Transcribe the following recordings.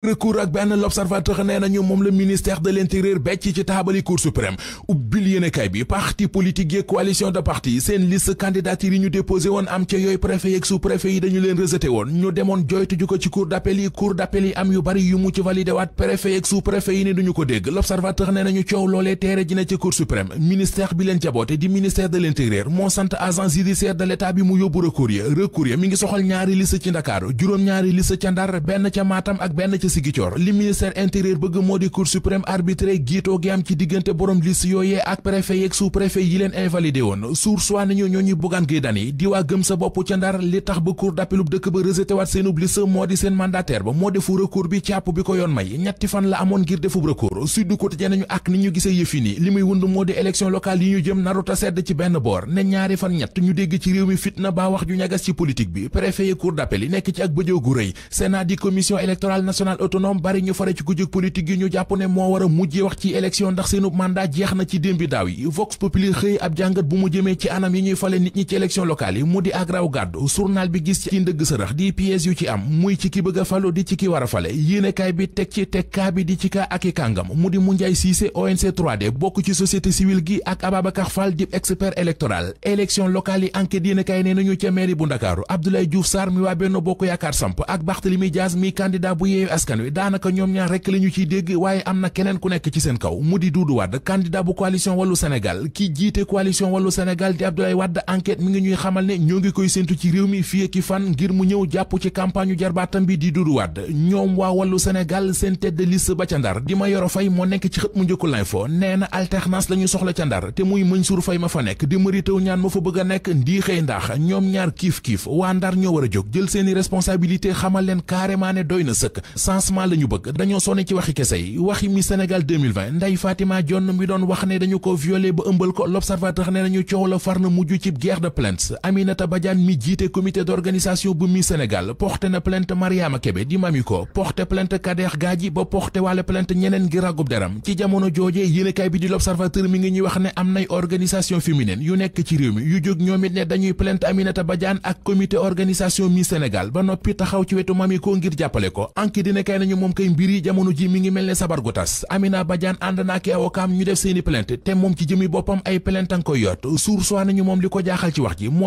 recours ak benn l'observateur nee nañu moom la ministère de l'intérieur becc ci taabali cour suprême ubbil yéenekaay bi parti politique yi coalition de parti seen liste candidature yi ñu déposé woon am ca yooyu préfet yeeg sous-préfet yi dañu leen rejeté woon ñu demoon joytu ko ci cour d'appel yi cour d'appel yi am yu bari yu mu ci validé waat préfet yeeg sous-préfet yi ne duñu ko dégg l'observateur nee nañu coow loolee teere ji na ca Ndar benn ca li ministère intérieur bëgg moo di cour suprême arbitré giitoo gi am ci diggante borom liste yooyee ak préfet yeeg sous préfet yi leen invalidé suur soit nañu ñoo ñu buggaan géy di waa gëm sa bopp ca ndar li tax ba cour d'appelub dëkk ba rejeté waat seenub liste moo di seen mandataire ba moo defu recours bi càpp bi ko yoon may ñetti fan la amoon ngir defub recours sud du côté nañu ak ni ñu gisee yëfi li muy wund moo di élection locale national bari ñu fare ci kujug politique yi ñu jàpp ne moo war a mujjee wax ci élection ndax seenub mandat jeex na ci démbi daaw yi vox populi xëy ab jàngat bu mu jëmee ci anam yi ñuy fale nit ñi ci élection locale yi mu di ak raw gàddu journal bi gis ci ndëgg sërëx di pièces yu ci am muy ci ki bëgg a falu di ci ki war a fale yéenekaay bi teg ci teg kaa bi di ci kaa ak i kàngam mu di Moundiaye Cissé ONC 3D bokk ci société civile gi ak Ababacar Fall di expert électoral élection locale yi enquête yéenekaay nee nañu ca mairie bu Ndakaaru Abdoulaye Diouf Sarr mi waa Benno Bokk Yaakaar samp ak Barthélémy mi candidat askan wi daanaka ñoom ñaar rek la ñu ciy dégg waaye am na keneen ku nekk ci seen kaw mu di Doudou Wade candidat bu coalition Wallu Sénégal ki jiite coalition Wallu Sénégal di Abdoulaye Wade enquête mi ngi ñuy xamal ne ñoo ngi koy séntu ci réew mi fii ki fan ngir mu ñëw jàpp ci campagne yu jarbaatam bi di Doudou Wade waa Wallu Sénégal seen tête de liste ba ca Ndar di Mayoro moo nekk ci xët mu njëkku l'info nee na alternance la ñu soxla ca Ndar te muy Mansour Faye ma fa nekk di Mary Teuw Niane ma fa bëgg nekk ndii xëy ndax ñoom ñaar kiif kiif waa Ndar ñoo war a jóg jël seeni responsabilité xamal leen carrément ne doy na sëkk lancement la ñu bëgg dañoo sonné ci waxi kese yi waxi mi Sénégal 2020 Ndeye Fatima mi doon wax ne dañu ko violé ba ëmbal ko l'observateur ne nañu coow la far na mujj ci guerre de plainte Aminata Badiane mi jiite comité d'organisation bu mi Sénégal porté na plainte Mariama Kébé di Mamiko porté plainte Kader Gadji ba porté wàlle plainte ñeneen ngir ragub deram ci jamono joojee yéenekaay bi di l'observateur mi ngi ñuy wax ne am nay organisation féminine yu nekk ci réew mi yu jóg ñoom mi Sénégal ba noppi taxaw ci wetu Mamiko kay nañu moom kay mbir yi jamono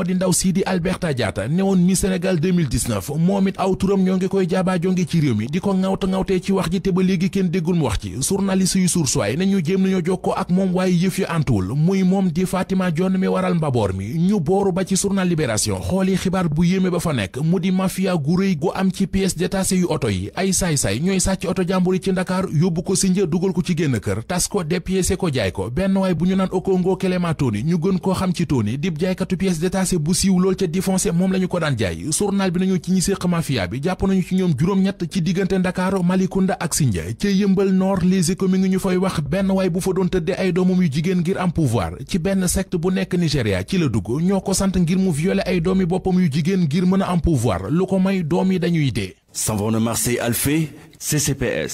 di ndaw sii di Alberta Diatta newoon Miss Sénégal 2019 moom it aw turam ñoo ngi koy jaabaa jonge ci réew mi di ko ŋawta ŋawtee ci wax ji te ba léegi kenn déggul mu wax ci journaliste yu suur soi nañu jéem nañoo ak moom waaye yëf yu antuwul muy moom di Fatima Dione mi waral mbaboor mi ñu booru ba ci journal Libération xooli xibaar bu yéeme ba fa nekk mu di mafia gu rëy gu am ci pièces détachées yu oto yi ay saa saay-saay ñooy sàcc oto jàmbur yi ci Ndakaar yóbbu ko si njër dugal ko ci génn kër tas ko dépiécé ko jaay ko benn waay bu ñu naan Okongo Kelema Tony ñu gën koo xam ci Tony dib jaaykatu pièces détachées bu siiw lool ca défoncé moom la ñu ko daan jaay journal bi nañu ci ñi séq mafia bi jàpp nañu ci ñoom juróom-ñett ci diggante Ndakaaru Malicounda ak Sindia ca yëmbal nord les économies mi ngi ñu fay wax benn waay bu fa doon tëddee ay doomam yu jigéen ngir am pouvoir benn secte bu nekk Nigéria ci la dugg ñoo ko sant ngir mu violer ay doomi boppam yu jigéen ngir mën a am pouvoir lu ko may doom yi dañuy dee sanfona marché Alfé CCPS